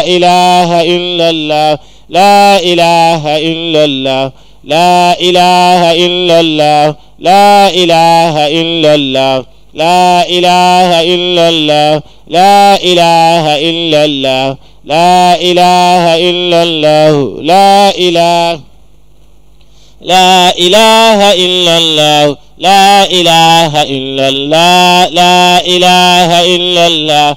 إله إلا الله لا إله إلا الله لا إله إلا الله لا إله إلا الله لا إله إلا الله لا إله إلا الله لا إله إلا الله لا إله لا إله إلا الله لا إله إلا الله لا إله إلا الله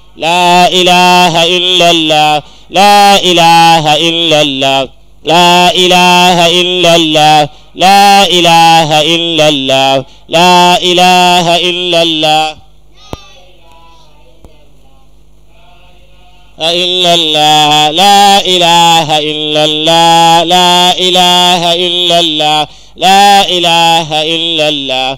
لا إله إلا الله لا إله إلا الله لا إله إلا الله لا إله إلا الله لا إله إلا الله إلا الله لا إله إلا الله لا إله إلا الله لا إله إلا الله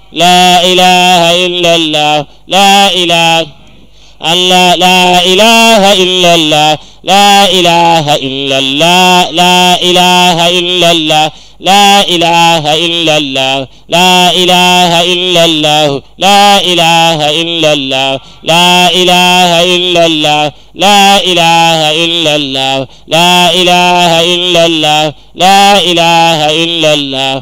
لا إله إلا الله لا إله الله لا إله إلا الله لا إله إلا الله لا إله إلا الله لا إله إلا الله لا إله إلا الله لا إله إلا الله لا إله إلا الله لا إله إلا الله لا إله إلا الله لا إله إلا الله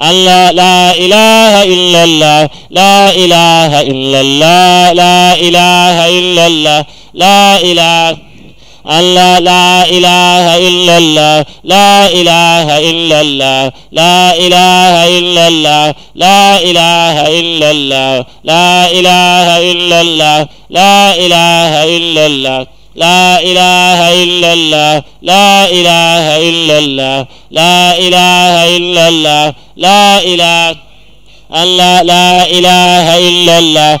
الله لا إله إلا الله لا إله إلا الله لا إله إلا الله لا إله الله لا إله إلا الله لا إله إلا الله لا إله إلا الله لا إله إلا الله لا إله إلا الله لا إله إلا الله لا إله إلا الله لا إله إلا الله لا إله إلا الله لا إله الله لا إله إلا الله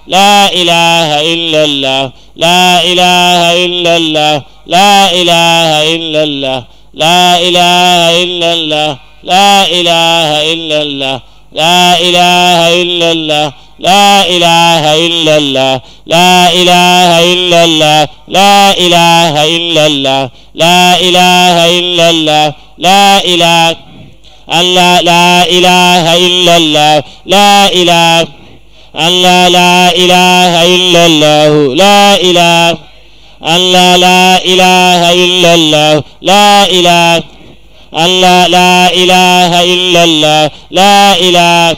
لا إله إلا الله لا إله إلا الله لا إله إلا الله لا إله إلا الله لا إله إلا الله لا إله إلا الله لا إله إلا الله لا إله إلا الله لا إله إلا الله لا إله إلا الله لا إله الله لا إله إلا الله لا إله الله لا إله إلا الله لا إله الله لا إله إلا الله لا إله الله لا إله إلا الله لا إله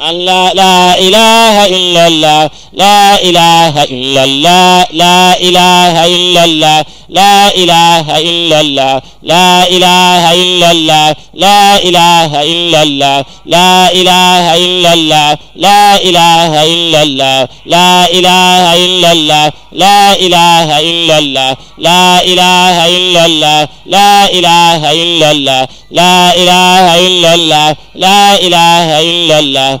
أن لا لا إله إلا الله لا إله إلا الله لا إله إلا الله لا إله إلا الله لا إله إلا الله لا إله إلا الله لا إله إلا الله لا إله إلا الله لا إله إلا الله لا إله إلا الله لا إله إلا الله لا إله إلا الله لا إله إلا الله لا إله إلا الله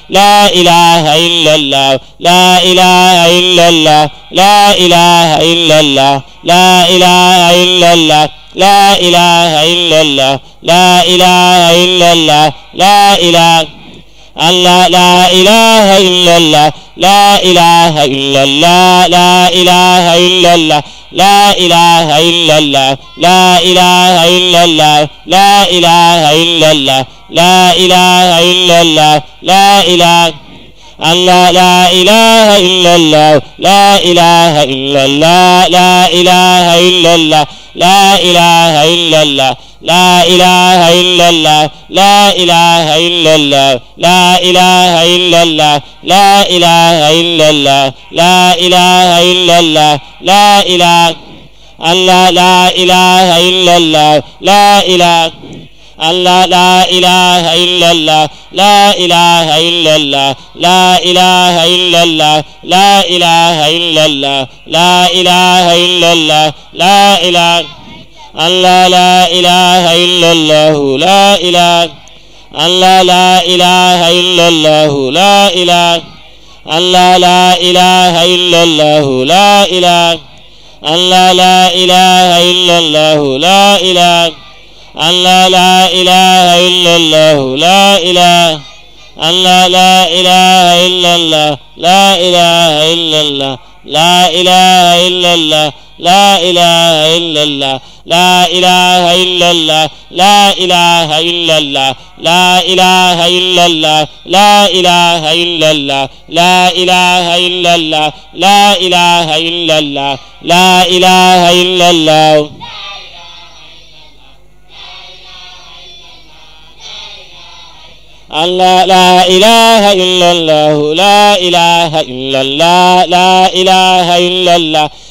لا إله إلا الله لا إله إلا الله لا إله إلا الله لا إله إلا الله لا إله إلا الله لا إله إلا الله لا إله الله لا إله إلا الله لا إله إلا الله لا إله إلا الله لا إله إلا الله لا إله إلا الله لا إله إلا الله لا إله إلا الله لا إله الله لا إله إلا الله لا إله إلا الله لا إله إلا الله لا إله إلا الله لا إله إلا الله لا إله إلا الله لا إله إلا الله لا إله إلا الله لا إله إلا الله لا إله الله لا إله إلا الله لا إله الله لا إله إلا الله لا إله إلا الله لا إله إلا الله لا إله إلا الله لا إله إلا الله لا إله الله لا إله إلا الله لا إله الله لا إله إلا الله لا إله الله لا إله إلا الله لا إله الله لا إله إلا الله لا إله أن لا لا إله إلا الله لا إله أن لا لا إله إلا الله لا إله إلا الله لا إله إلا الله لا إله إلا الله لا إله إلا الله لا إله إلا الله لا إله إلا الله لا إله إلا الله لا إله إلا الله لا إله إلا الله لا إله إلا الله أن لا, لا إله إلا الله لا إله إلا الله لا إله إلا الله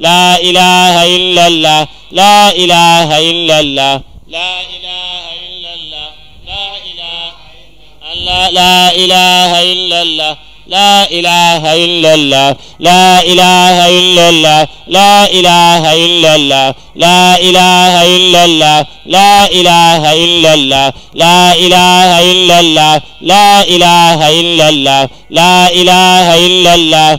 لا إله إلا الله لا إله إلا الله لا إله إلا الله لا إله الله لا إله إلا الله لا إله إلا الله لا إله إلا الله لا إله إلا الله لا إله إلا الله لا إله إلا الله لا إله إلا الله لا إله إلا الله لا إله إلا الله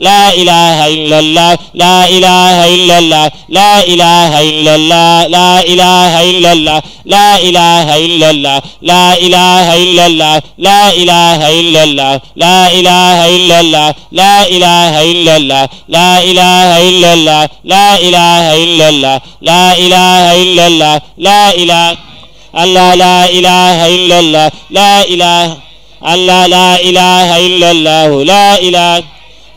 لا إله إلا الله لا إله إلا الله لا إله إلا الله لا إله إلا الله لا إله إلا الله لا إله إلا الله لا إله إلا الله لا إله إلا الله لا إله إلا الله لا إله إلا الله لا إله إلا الله لا إله إلا الله لا إله الله لا إله إلا الله لا إله الله لا إله إلا الله لا إله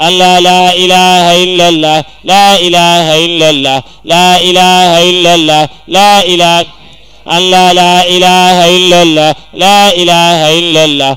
أن لا لا إله إلا الله لا إله إلا الله لا إله إلا الله لا إله أن لا لا إله إلا الله لا إله إلا الله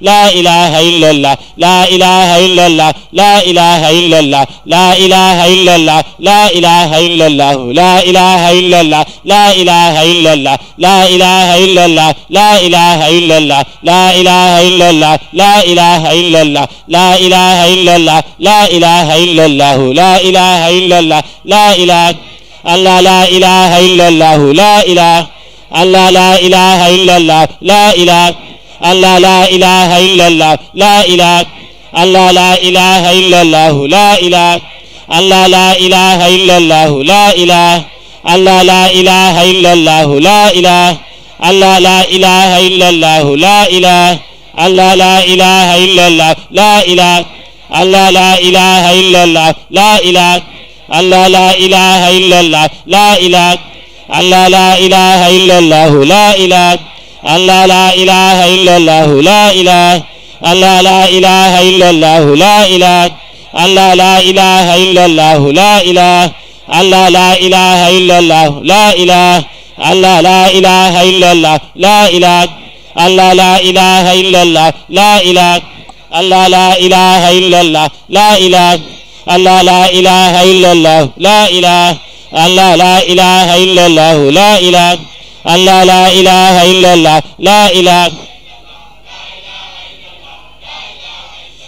لا إله إلا الله لا إله إلا الله لا إله إلا الله لا إله إلا الله لا إله إلا الله لا إله إلا الله لا إله إلا الله لا إله إلا الله لا إله إلا الله لا إله إلا الله لا إله إلا الله لا إله إلا الله لا إله إلا الله لا إله إلا الله لا إله الله لا إله إلا الله لا إله الله لا إله إلا الله لا إله أن لا لا إله إلا الله لا إله أن لا لا إله إلا الله لا إله أن لا لا إله إلا الله لا إله أن لا لا إله إلا الله لا إله أن لا لا إله إلا الله لا إله أن لا لا إله إلا الله لا إله أن لا لا إله إلا الله لا إله أن لا لا إله إلا الله لا إله أن لا لا إله إلا الله لا إله أن لا لا إله إلا الله لا إله أن لا لا إله إلا الله لا إله أن لا لا إله إلا الله لا إله أن لا لا إله إلا الله لا إله أن لا لا إله إلا الله لا إله أن لا لا إله إلا الله لا إله أن لا لا إله إلا الله لا إله أن لا لا إله إلا الله لا إله أن لا لا إله إلا الله لا إله أن لا لا إله إلا الله لا إله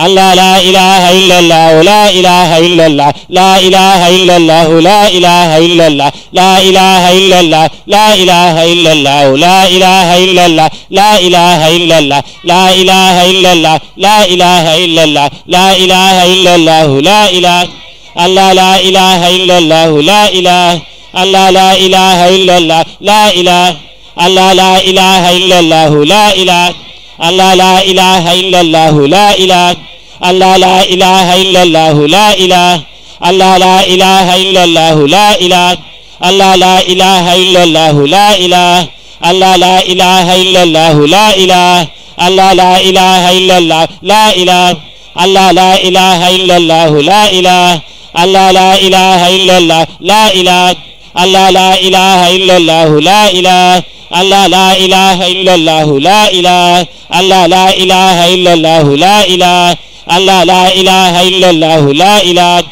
الله لا إله إلا الله لا إله إلا الله لا إله إلا الله لا إله إلا الله لا إله إلا الله لا إله إلا الله لا إله إلا الله لا إله إلا الله لا إله إلا الله لا إله إلا الله لا إله إلا الله لا إله الله لا إله إلا الله لا إله الله لا إله إلا الله لا إله الله لا إله إلا الله لا إله الله لا إله إلا الله لا إله الله لا إله إلا الله لا إله الله لا إله إلا الله لا إله الله لا إله إلا الله لا إله الله لا إله إلا الله لا إله الله لا إله إلا الله لا إله الله لا إله إلا الله لا إله الله لا إله إلا الله لا إله الله لا إله إلا الله لا إله الله لا إله إلا الله لا إله الله لا إله إلا الله لا إله الله لا إله إلا الله لا إله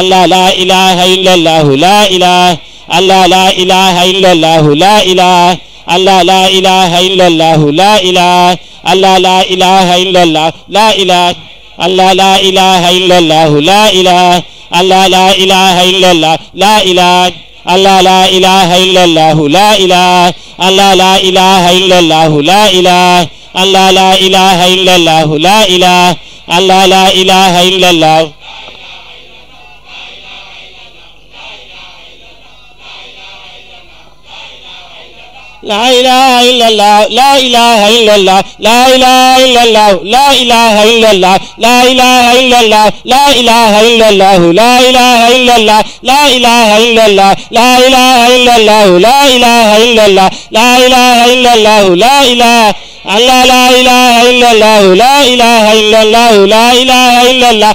الله لا إله إلا الله لا إله الله لا إله إلا الله لا إله الله لا إله إلا الله لا إله الله لا إله إلا الله لا إله الله لا إله إلا الله لا إله الله لا إله إلا الله لا إله الله لا إله إلا الله لا إله الله لا إله إلا الله لا إله الله لا إله إلا الله لا إله الله لا إله إلا الله لا إله إلا الله لا إله إلا الله لا إله إلا الله لا إله إلا الله لا إله إلا الله لا إله إلا الله لا إله إلا الله لا إله إلا الله لا إله إلا الله لا إله إلا الله لا إله الله لا إله إلا الله لا إله إلا الله لا إله إلا الله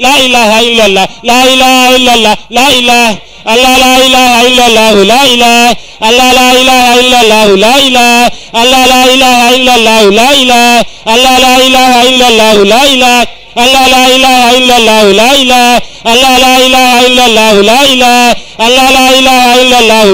لا إله إلا الله لا إله إلا الله لا إله الله لا إله إلا الله لا إله الله لا إله إلا الله لا إله الله لا إله إلا الله لا إله الله لا إله إلا الله لا إله الله لا إله إلا الله لا إله الله لا إله إلا الله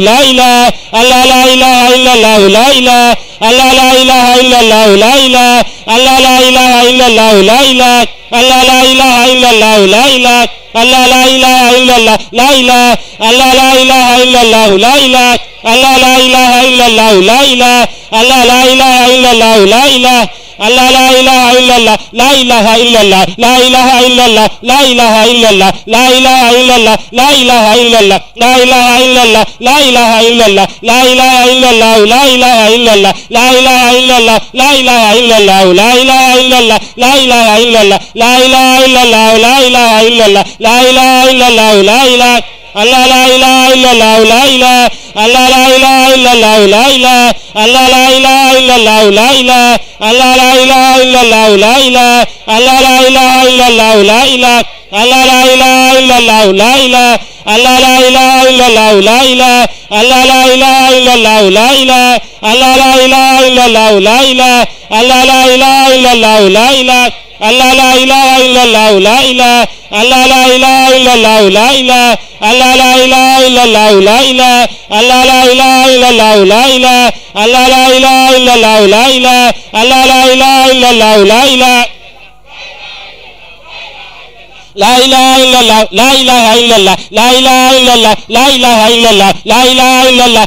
لا إله الله لا إله إلا الله لا إله الله لا إله إلا الله لا إله الله لا إله إلا الله لا إله الله لا إله إلا الله لا إله الله لا إله إلا الله لا إله الله لا إله إلا الله لا إله الله لا إله إلا الله لا إله الله لا إله إلا الله لا إله الله لا إله إلا الله لا إله الله لا إله إلا الله لا إله إلا الله لا إله إلا الله لا إله إلا الله لا إله إلا الله لا إله إلا الله لا إله إلا الله لا إله إلا الله لا إله إلا الله لا إله إلا الله لا إله إلا الله لا إله إلا الله لا إله إلا الله لا إله إلا الله لا إله إلا الله لا إله إلا الله لا إله إلا الله لا إله الله لا إله إلا الله لا إله الله لا إله إلا الله لا إله الله لا إله إلا الله لا إله الله لا إله إلا الله لا إله الله لا إله إلا الله لا إله الله لا إله إلا الله لا إله الله لا إله إلا الله لا إله الله لا إله إلا الله لا إله الله لا إله إلا الله لا إله الله لا إله إلا الله لا إله الله لا إله إلا الله لا إله الله لا إله إلا الله لا إله الله لا إله إلا الله لا إله الله لا إله إلا الله لا إله الله لا إله إلا الله لا إله الله لا إله إلا الله لا إله لا إله إلا الله لا إله إلا الله لا إله إلا الله لا إله إلا الله لا إله إلا الله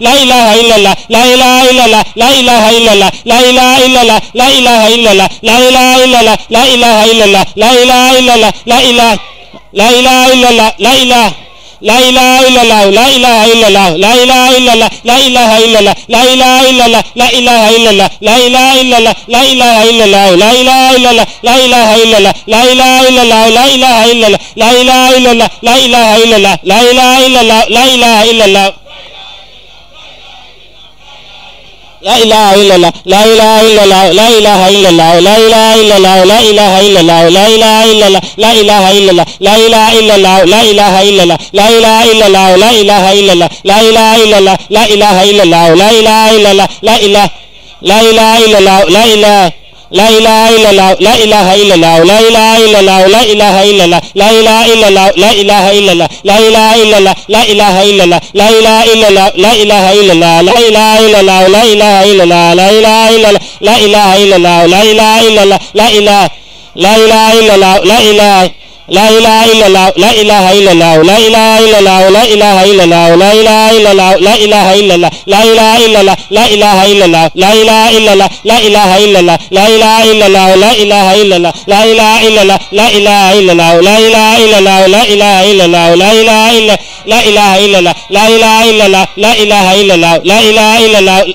لا إله إلا الله لا إله إلا الله لا إله إلا الله لا إله إلا الله لا إله إلا الله لا إله إلا الله لا إله إلا الله لا إله إلا الله لا إله لا إله إلا الله لا إله لا إله إلا الله لا إله إلا الله لا إله إلا الله لا إله إلا الله لا إله إلا الله لا إله إلا الله لا إله إلا الله لا إله إلا الله لا إله إلا الله لا إله إلا الله لا إله إلا الله لا إله إلا الله لا إله إلا الله لا إله إلا الله لا إله إلا الله لا إله إلا الله لا إله إلا الله لا إله إلا الله لا إله إلا الله لا إله إلا الله لا إله إلا الله لا إله إلا الله لا إله إلا الله لا إله إلا الله لا إله إلا الله لا إله إلا الله لا إله إلا الله لا إله إلا الله لا إله إلا الله لا إله إلا الله لا إله لا إله إلا الله لا إله لا إله إلا الله لا إله إلا الله لا إله إلا الله لا إله إلا الله لا إله إلا الله لا إله إلا الله لا إله إلا الله لا إله إلا الله لا إله إلا الله لا إله إلا الله لا إله إلا الله لا إله إلا الله لا إله إلا الله لا إله إلا الله لا إله إلا الله لا إله لا إله إلا الله لا إله لا إله إلا الله لا إله إلا الله لا إله إلا الله لا إله إلا الله لا إله إلا الله لا إله إلا الله لا إله إلا الله لا إله إلا الله لا إله إلا الله لا إله إلا الله لا إله إلا الله لا إله إلا الله لا إله إلا الله لا إله إلا الله لا إله إلا الله لا إله إلا الله لا إله إلا لا إله إلا الله لا إله إلا الله لا إله إلا الله لا إله إلا الله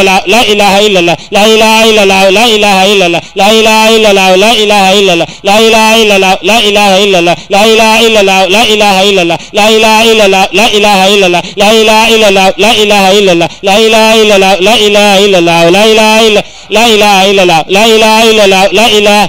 إلا الله لا إله إلا الله لا إله إلا الله لا إله إلا الله لا إله إلا الله لا إله إلا الله لا إله إلا الله لا إله إلا الله لا إله إلا الله لا إله إلا الله لا إله إلا الله لا إله إلا الله لا إله إلا الله لا إله إلا الله لا إله إلا الله لا إله إلا الله لا إله إلا لا إله إلا الله لا إله إلا الله لا إله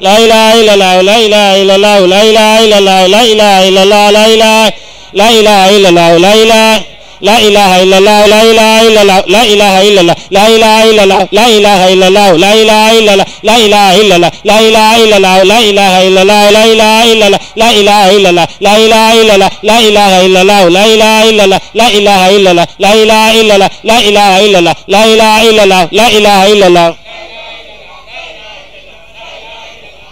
لا إله إلا الله لا إله إلا الله لا إله إلا الله لا إله إلا الله لا إله لا إله إلا الله لا إله لا إله إلا الله لا إله إلا الله لا إله إلا الله لا إله إلا الله لا إله إلا الله لا إله إلا الله لا إله إلا الله لا إله إلا الله لا إله إلا الله لا إله إلا الله لا إله إلا الله لا إله إلا الله لا إله إلا الله لا إله إلا الله لا إله إلا الله لا إله إلا الله لا إله إلا الله لا إله إلا الله لا إله إلا الله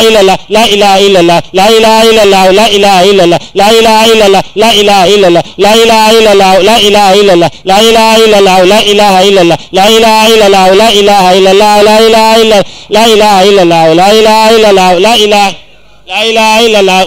إله إلا الله لا إله إلا الله لا إله إلا الله لا إله إلا الله لا إله إلا الله لا إله إلا الله لا إله إلا الله لا إله إلا الله لا إله إلا الله لا إله إلا الله لا إله إلا الله لا إله إلا الله لا إله إلا لا إله إلا الله لا إله إلا الله لا إله لا إله إلا الله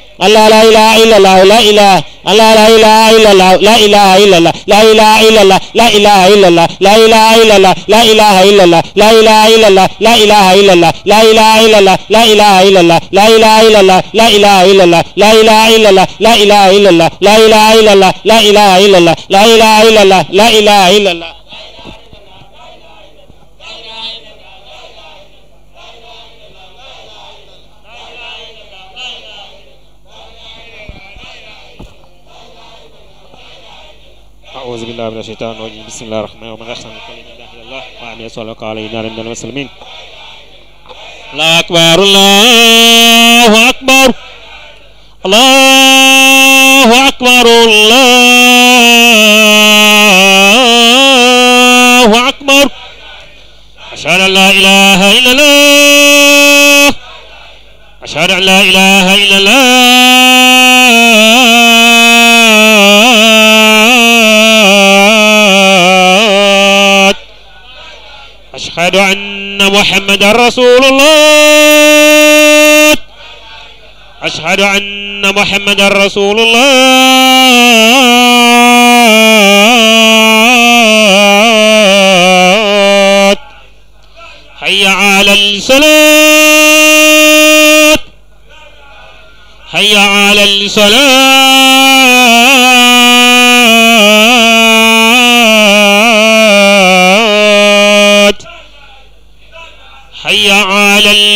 الله لا إله إلا الله لا إله الله لا إله إلا الله لا إله إلا الله لا إله إلا الله لا إله إلا الله لا إله إلا الله لا إله إلا الله لا إله إلا الله لا إله إلا الله لا إله إلا الله لا إله إلا الله لا إله إلا الله لا إله إلا الله لا إله إلا الله لا إله إلا الله لا إله إلا الله لا إله إلا الله لا إله إلا الله لا إله إلا الله أعوذ بالله من الشيطان الرجيم بسم الله الرحمن الرحيم ومن أحسن قولا من داخل الله وعمل صالحا علينا من المسلمين الله أكبر الله أكبر الله أكبر الله أكبر أشهد أن لا إله إلا الله أشهد أن لا إله إلا الله أشهد أن محمد رسول الله أشهد أن محمد رسول الله حي على الصلاة حي على الصلاة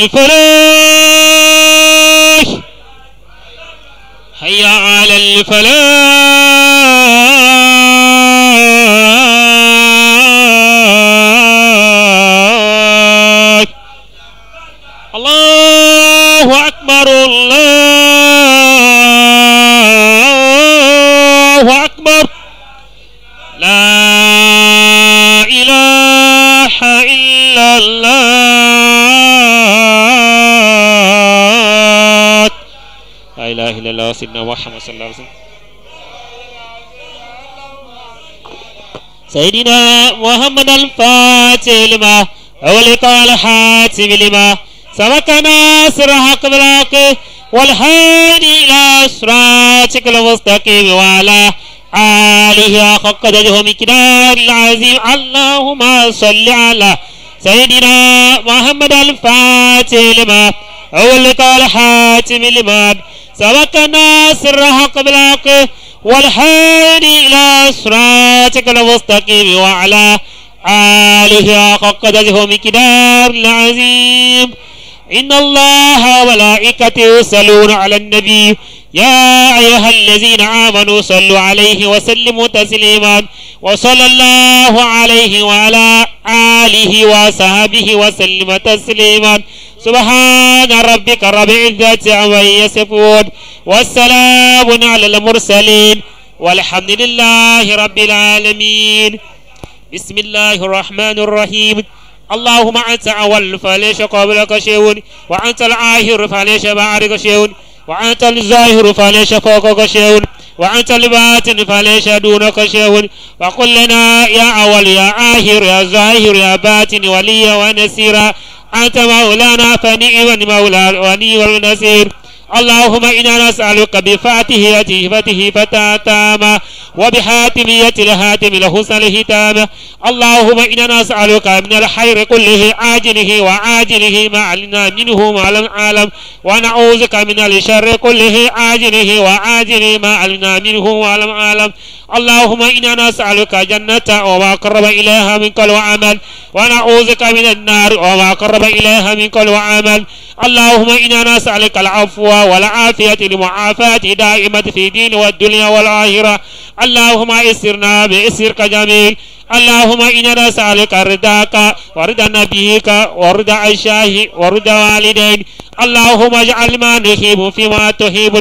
الفلاح هيا على الفلاح سيدنا محمد صلى الله عليه وسلم سيدنا محمد الفاتح لما أولق الحاتم لما سبق ناصر حق بلاك والهادي إلى صراطك المستقيم وعلى آله حق قدره مكدار العظيم اللهم صل على سيدنا محمد الفاتح لما أولق الحاتم لما سبقنا سرها قبل عقه والحين إلى صراطك المستقيم وعلى آله حق قدره مقدار العظيم إن الله وملائكته يصلون على النبي يا أيها الذين آمنوا صلوا عليه وسلموا تسليما وصلى الله عليه وعلى آله وصحبه وسلم تسليما سبحان سبحان ربك رب العزة عما يصفون والسلام على المرسلين والحمد لله رب العالمين بسم الله الرحمن الرحيم اللهم أنت أول فليش قبلك شيء وأنت العاهر فليش بعدك شيء وأنت الظاهر فليش فوقك شيء وأنت الباطن فليس دونك شيء وقل لنا يا أول يا عاهر يا ظاهر يا باطن وليا ونسيرا أنت مولانا فنعم المولى ونعم والنصير اللهم إنا نسألك بفاته وجيفته فتاة تامة وبحاتمية الهاتم لحسن الهتام اللهم إنا نسألك من الحير كله عاجله وعاجله ما علنا منه ما لم نعلم ونعوذك من الشر كله عاجله وعاجله ما علنا منه ما لم نعلم اللهم إنا نسألك جنة وما قرب إليها من كل وعمل ونعوذك من النار وما قرب إليها من كل وعمل اللهم إنا نسألك العفو والعافية لمعافاة دائمة في دين والدنيا والآخرة اللهم اسرنا بإسرك جميل اللهم إنا نسألك رضاك ورضا نبيك ورضا عشاه ورضا والدين اللهم اجعل ما نحب فيما تحب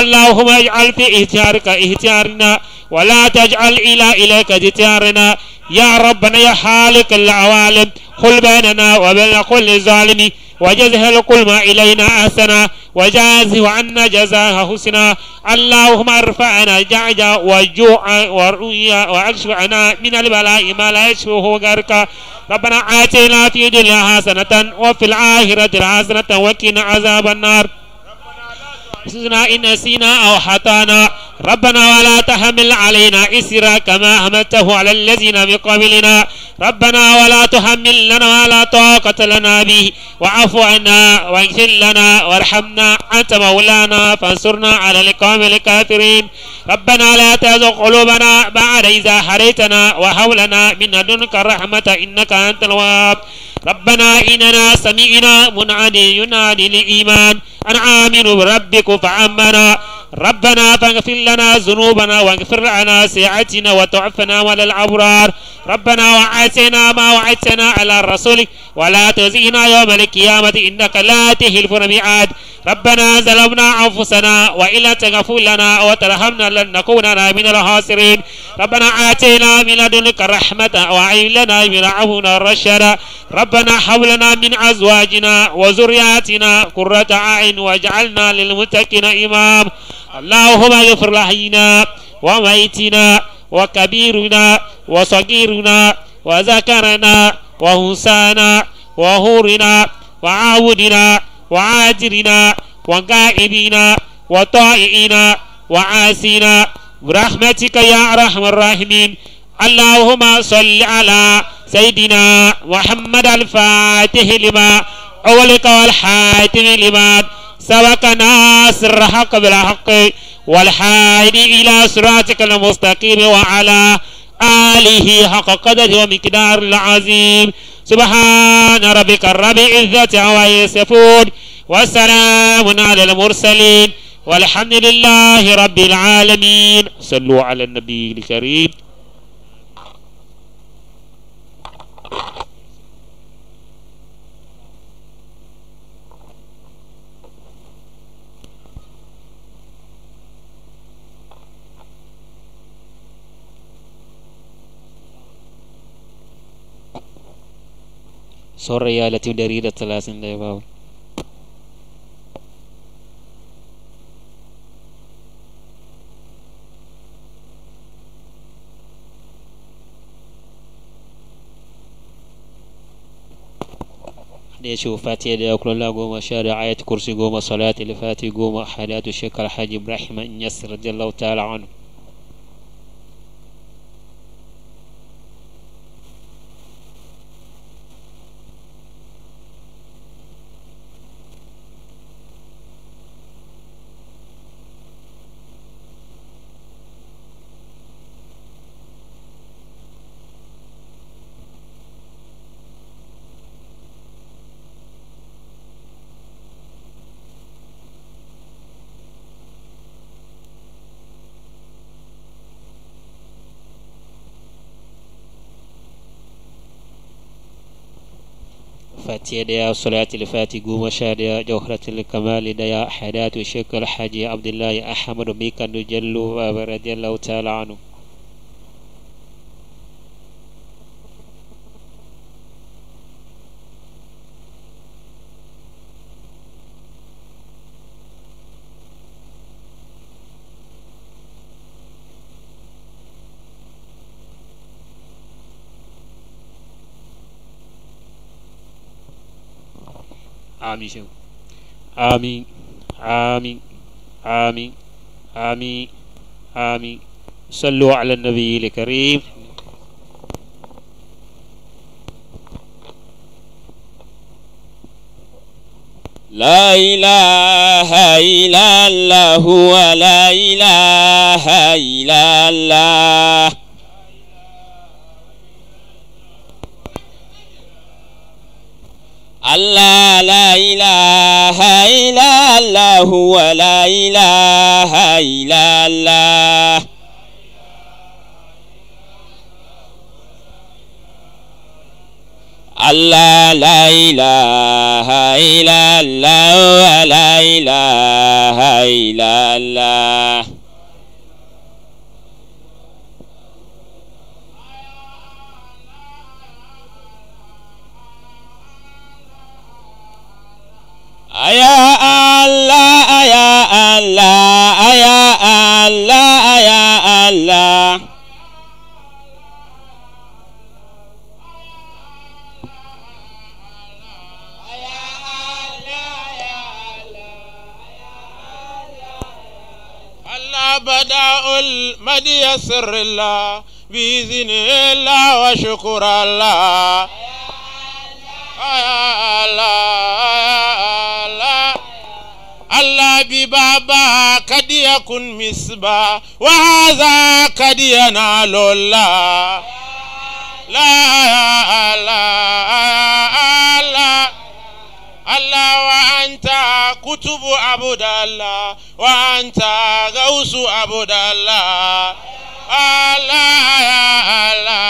اللهم اجعل في اهتيارك اهتيارنا ولا تجعل إلى إليك اهتيارنا يا ربنا يا خالق العوالم خل بيننا وبين كل ظالم وجزه ما إلينا أحسنا وجازه عنا جزاها حسنا اللهم ارفعنا الجعجع والجوع والرؤيا واشفعنا من البلاء ما لا يشفه غيرك ربنا آتنا في الدنيا حسنة وفي الآخرة حسنة وقنا عذاب النار تؤاخذنا إن نسينا أو حطانا ربنا ولا تحمل علينا إسرا كما حملته على الذين من قبلنا ربنا ولا تحمل لنا ولا طاقة لنا به واعف عنا واغفر لنا وارحمنا أنت مولانا فانصرنا على القوم الكافرين ربنا لا تزغ قلوبنا بعد إذا حريتنا وهب من لدنك الرحمة إنك أنت الوهاب ربنا إننا سمعنا منعدي ينادي لإيمان أن آمنوا بربكم فآمنا ربنا فاغفر لنا ذنوبنا واغفر لنا سيئاتنا وتعفنا مع الابرار ربنا وعاتنا ما وعدتنا على الرسول ولا تزينا يوم القيامة إنك لا تهلف الميعاد ربنا ظلمنا أنفسنا وإلا تغفر لنا وترحمنا لنكونن من الخاسرين ربنا آتنا من لدنك رحمة وعين لنا من عفونا الرشد ربنا حولنا من أزواجنا وذرياتنا قرة عين واجعلنا للمتقين إمام اللهم اغفر لحينا وميتنا وكبيرنا وصغيرنا وذكرنا وهنسانا وهورنا وعاودنا وعاجرنا وقائبنا وطائعنا وعاسينا برحمتك يا أرحم الراحمين اللهم صل على سيدنا محمد الفاتح لما أولك والحاتم لما سبق ناصر الحق بالحق والحادي إلى صراطك المستقيم وعلى آله حق قدر ومقدار العظيم سبحان ربك الرب عزة ويسفون والسلام وسلام على المرسلين والحمد لله رب العالمين صلوا على النبي الكريم سورة يا التي دريدة ثلاثين ديباول ديشو فاتي دي أكل قوم شارع آية كرسي قوم صلاة الفاتي قوم حالات الشيخ الحاج إبراهيم النسر رضي الله تعالى عنه فاتي ديا صلاة الفاتي قوم شاديا جوهرة الكمال ديا حداتي شكر حاجي عبد الله أحمد ميكا نجلو رضي الله تعالى عنه آمين آمين آمين آمين آمين آمين صلوا على النبي الكريم لا إله إلا الله ولا إله إلا الله الله لا إله إلا الله ولا إله إلا الله الله لا إله إلا الله ولا إله إلا الله يا الله يا الله يا الله يا الله بدا المد يسر الله بإذن الله وشكر الله ألا ببابا قد يكون مسبا وهذا قد ينال الله لا لا لا الله وأنت كتب عبد الله وأنت غوث عبد الله الله يا الله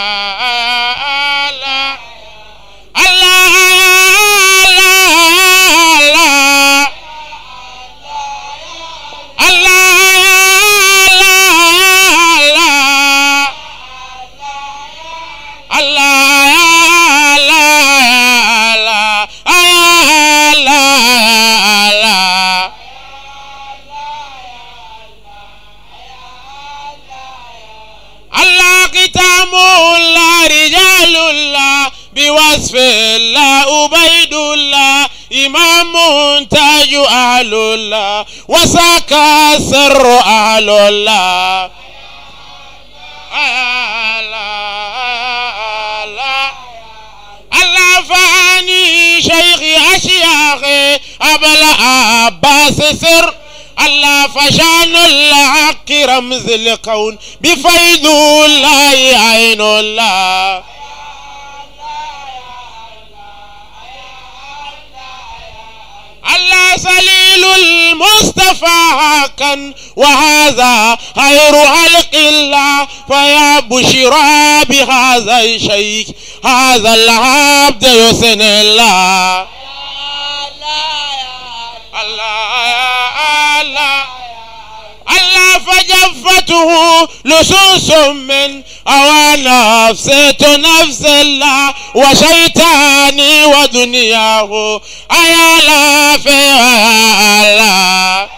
حسب الله عبيد الله إمام تاج أهل الله وساك سر أهل الله الله فاني شيخ أشياخي أبل عباس سر الله فشان الحق رمز الكون بفيض الله عين الله ألا سليل المصطفى كان وهذا خير خلق الله فيا بشرى بهذا الشيخ هذا العبد يسن الله الله الله الله فجفته لصوص من أو نفست نفس الله وشيطاني ودنياه أيا لا في الله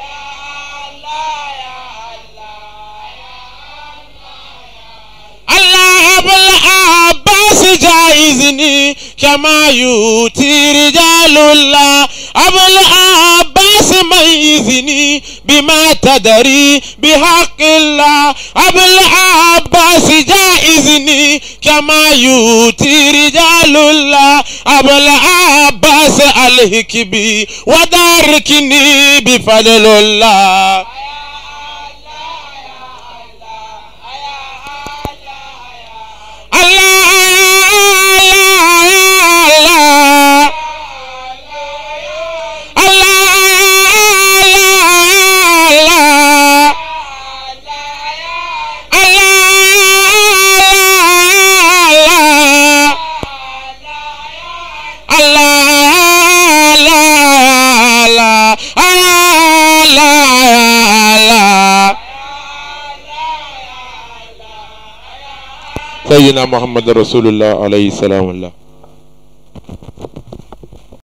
جائزني كما يؤتي رجال الله أبو العباس يثني بما تدري بحق الله أبو العباس جائزني كما يؤتي رجال الله أبو العباس عليك بي وداركني بفضل الله الله سيدنا محمد رسول الله عليه السلام الله